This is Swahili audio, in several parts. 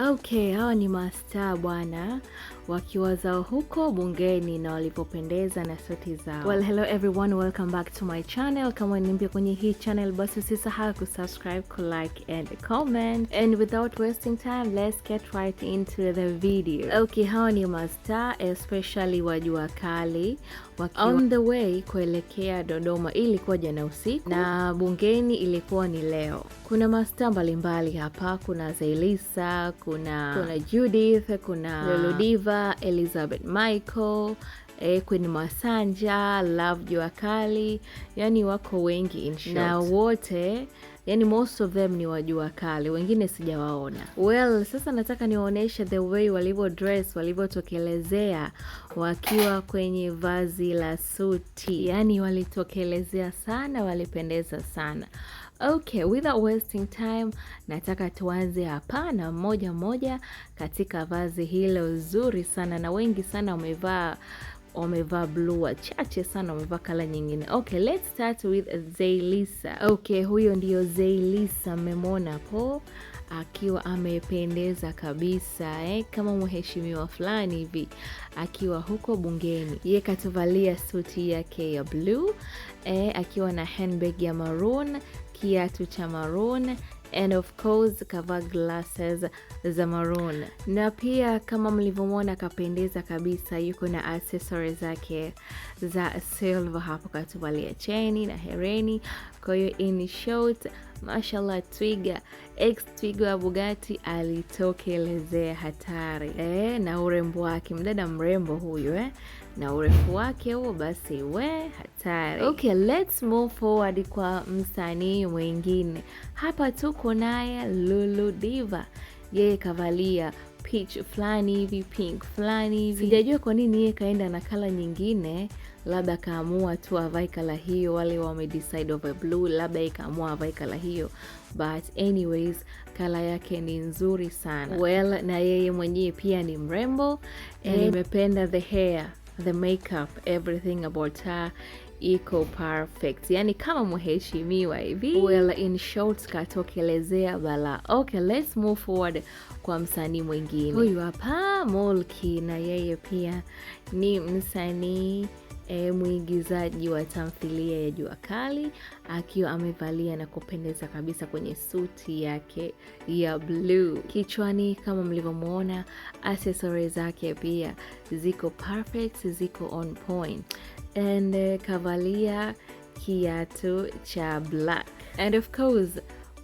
Okay, hawa ni mastaa bwana, wakiwa zao huko bungeni na walipopendeza na sauti zao. Well, hello everyone, welcome back to my channel. Kama ni mpya kwenye hii channel, basi usisahau kusubscribe, kulike and comment. And without wasting time, let's get right into the video. Okay, hawa ni mastaa especially wajua kali, wakiwa on the way kuelekea Dodoma. Hii ilikuwa jana usiku na bungeni ilikuwa ni leo. Kuna mastaa mbalimbali hapa, kuna Zailisa, kuna, kuna Judith, kuna Loludiva, Elizabeth Michael E, Queen Masanja, Love Jua Kali, yani wako wengi in short. Na wote yani most of them ni wajua kale, wengine sijawaona. Well, sasa nataka niwaonyeshe the way walivyo dress, walivyotokelezea wakiwa kwenye vazi la suti, yani walitokelezea sana, walipendeza sana. Okay, without wasting time, nataka tuanze hapa na moja moja katika vazi hilo zuri sana, na wengi sana wamevaa wamevaa blue, wachache sana wamevaa kala nyingine. Okay, let's start with zeilisa Okay, huyo ndio zeilisa mmemwona po akiwa amependeza kabisa eh, kama mheshimiwa fulani hivi akiwa huko bungeni. Ye katuvalia suti yake ya bluu eh, akiwa na handbag ya maroon, kiatu cha maroon and of course kavaa glasses za maroon, na pia kama mlivyomwona akapendeza kabisa, yuko na accessories zake za silver hapo, katuvalia cheni na hereni. Kwa hiyo in short, mashallah, twiga ex twiga wa Bugatti alitokelezea hatari eh, na urembo wake, mdada mrembo huyu eh na urefu wake huo, basi we hatari. Okay, let's move forward kwa msanii mwingine. Hapa tuko naye Lulu Diva, yeye kavalia peach fulani hivi pink fulani hivi, sijajua kwa nini yeye kaenda na kala nyingine, labda kaamua tu avai kala hiyo, wale wame decide over blue, labda ikaamua avai kala hiyo, but anyways kala yake ni nzuri sana. Well, na yeye mwenyewe pia ni mrembo, nimependa the hair the makeup everything about her iko perfect, yani kama mheshimiwa hivi. Well, in short katokelezea bala. Okay, let's move forward kwa msanii mwingine. Huyu hapa Molki, na yeye pia ni msanii e, mwigizaji wa tamthilia ya Jua Kali akiwa amevalia na kupendeza kabisa kwenye suti yake ya bluu. Kichwani kama mlivyomwona, asesori zake pia ziko perfect, ziko on point and e, kavalia kiatu cha black and of course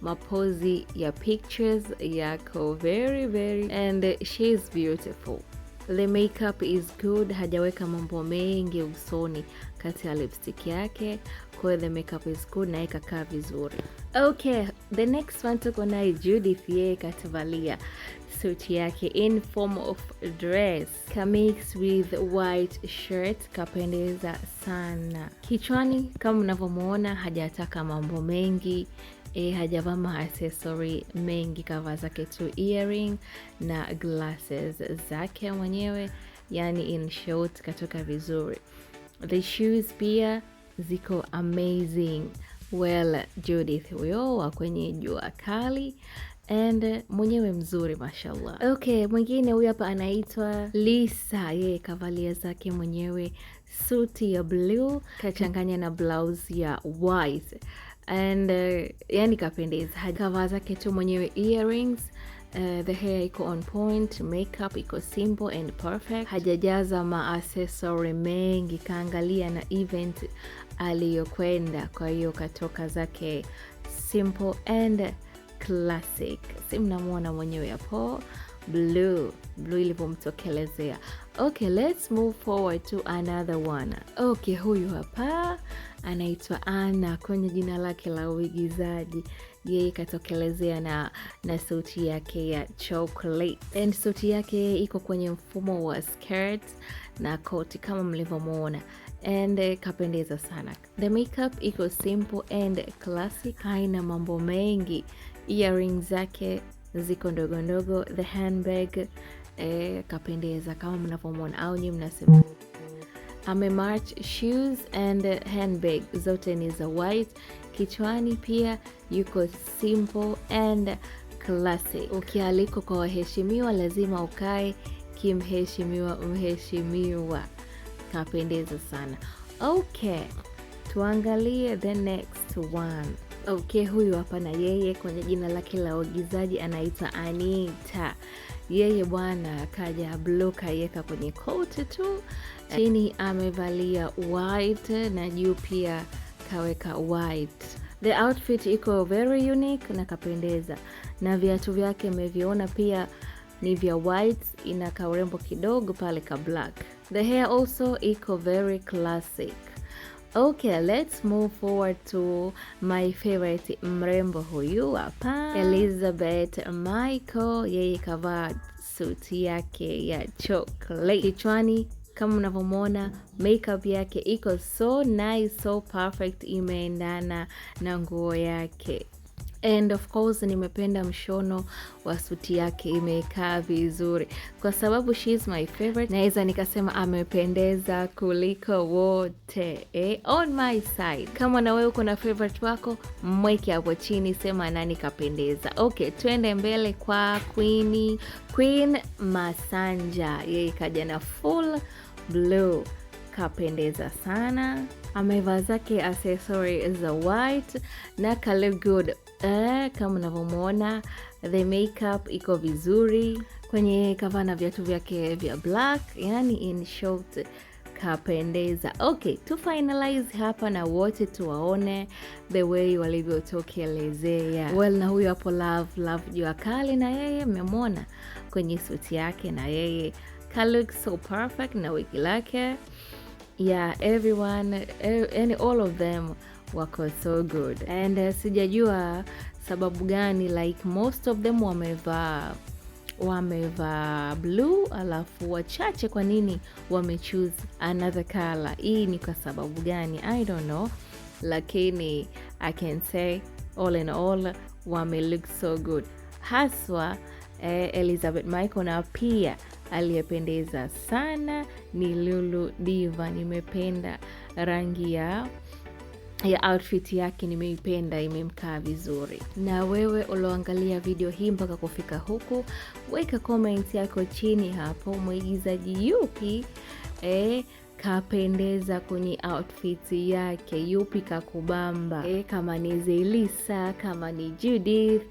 mapozi ya pictures yako very very and she is beautiful. The makeup is good, hajaweka mambo mengi usoni kati ya lipstick yake, kwa hiyo the makeup is good na ikakaa vizuri. Okay, the next one tuko naye Judith, yeye katavalia suti yake in form of dress ka mix with white shirt, kapendeza sana. Kichwani kama mnavyomuona hajataka mambo mengi e, hajavaa maaccessory mengi, kavaa zake tu earring na glasses zake mwenyewe, yani in short katoka vizuri. The shoes pia ziko amazing. Well, Judith huyo wa kwenye jua kali and mwenyewe mzuri mashallah. Okay, mwingine huyu hapa anaitwa Lisa, yeye kavalia zake mwenyewe suti ya blue kachanganya na blouse ya white and uh, yani kapendeza, kavaa zake tu mwenyewe earrings Uh, the hair iko on point, makeup iko simple and perfect, hajajaza maaccessory mengi, kaangalia na event aliyokwenda. Kwa hiyo katoka zake simple and classic, si mnamwona mwenyewe hapo blue blue ilivyomtokelezea. Okay, let's move forward to another one. Okay, huyu hapa anaitwa Anna kwenye jina lake la uigizaji yeye katokelezea na, na sauti yake ya chocolate and sauti yake iko kwenye mfumo wa skirt na koti kama mlivyomwona and eh, kapendeza sana. The makeup iko simple and classic, haina mambo mengi. Earrings zake ziko ndogo ndogo, the handbag eh, kapendeza kama mnavyomwona, au nyi mnasema ame march. Shoes and handbag zote ni za white. Kichwani pia yuko simple and classic. Ukialikwa kwa waheshimiwa, lazima ukae kimheshimiwa, mheshimiwa. Kapendeza sana. Okay, tuangalie the next one. Okay, huyu hapa na yeye kwenye jina lake la uigizaji anaitwa Anita. Yeye bwana kaja blue kaiweka kwenye koti tu, chini amevalia white na juu pia kaweka white. The outfit iko very unique na kapendeza, na viatu vyake ameviona pia ni vya white, ina kaurembo kidogo pale ka black. The hair also iko very classic. Okay, let's move forward to my favorite mrembo huyu hapa Elizabeth Michael. Yeye kavaa suti yake ya chocolate kichwani kama unavyomwona makeup yake iko so nice, so perfect, imeendana na nguo yake and of course nimependa mshono wa suti yake, imekaa vizuri kwa sababu she is my favorite. Naweza nikasema amependeza kuliko wote eh, on my side. Kama na wewe uko na favorite wako, mweke hapo chini, sema nani kapendeza. Okay, twende mbele kwa Queen Queen Masanja, yeye ikaja na full blue kapendeza sana, amevaa zake accessory za white na ka look good. Eh, kama unavyomwona the makeup iko vizuri kwenye kava na viatu vyake vya black, yani in short kapendeza. Okay, to finalize hapa na wote tuwaone the way walivyotokelezea. Well, na huyo hapo Love Love jua kali, na yeye mmemwona kwenye suti yake, na yeye ka look so perfect na wiki lake yeah everyone eh, and all of them wako so good and uh, sijajua sababu gani like most of them wamevaa wamevaa blue alafu wachache kwa nini wamechoose another color hii ni kwa sababu gani i don't know lakini i can say all in all wamelook so good haswa eh, elizabeth michael na pia aliyependeza sana ni Lulu Diva. Nimependa rangi ya ya outfit yake nimeipenda, imemkaa vizuri. Na wewe ulioangalia video hii mpaka kufika huku, weka comment yako chini hapo, mwigizaji yupi eh, kapendeza kwenye outfit yake, yupi kakubamba? E, kama ni zelisa kama ni Judith,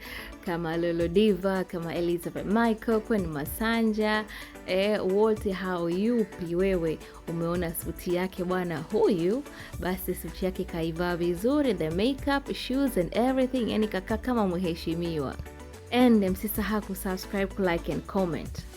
kama Lolodiva, kama Elizabeth Michael, Queen Masanja, e, wote hao, yupi wewe umeona suti yake bwana huyu? Basi suti yake kaivaa vizuri, the makeup, shoes and everything, yani kakaa kama mheshimiwa. And msisahau kusubscribe, like and comment.